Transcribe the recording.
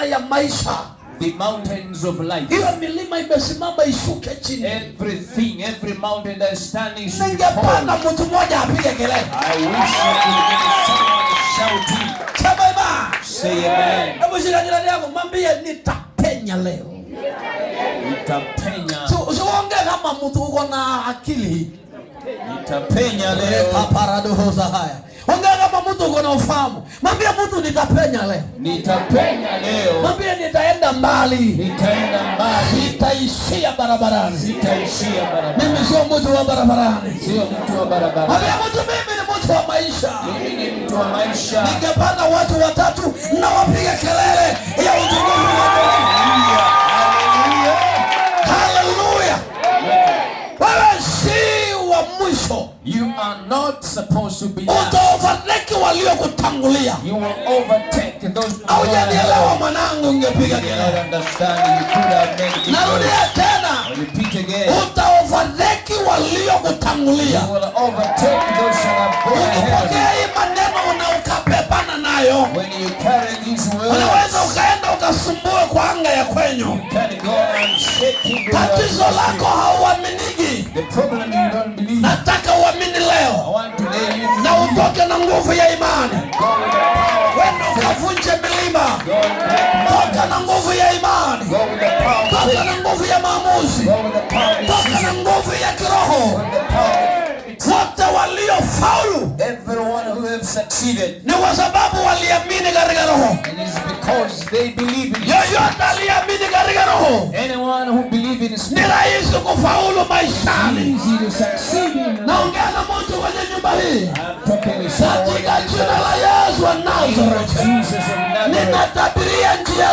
milima ya maisha The mountains of life. Hiyo milima imesimama ishuke chini. Everything, every mountain that is standing should fall. mtu mmoja apige kelele. I wish you could get someone shouting. Sema Say amen. Hebu shika jirani yako, mwambie nitapenya leo. Nitapenya. So usiongee kama mtu uko na akili. Nitapenya leo. haya. Ongea kama mtu uko na ufahamu. Mwambie mtu nitapenya leo. Nitapenya leo mbali, nitaenda mbali, nitaishia barabarani, nitaishia barabarani. Mimi sio mtu wa barabarani, sio mtu wa barabarani. Habia mtu, mimi ni mtu wa maisha, mimi ni mtu wa maisha. Ningepanda watu watatu na wapige kelele ya utukufu wa Mungu. Haleluya, haleluya. Wewe si wa mwisho. You are not supposed to be. Utaovertake waliokutangulia. You will overtake Haujanielewa mwanangu, ungepiga kelele. Narudia tena, utawafadhili waliokutangulia. Ukipokea hii maneno na ukapepana nayo, unaweza ukaenda ukasumbua kwa anga ya kwenyu. Tatizo lako hauaminiki, nataka uamini leo na utoke na nguvu ya imani. waliofaulu ni kwa sababu waliamini katika Roho. Yoyote aliamini katika Roho ni rahisi kufaulu maishani. Naongea na mtu kwenye nyumba hii katika jina la Yesu wa Nazareti, ninatabiria njia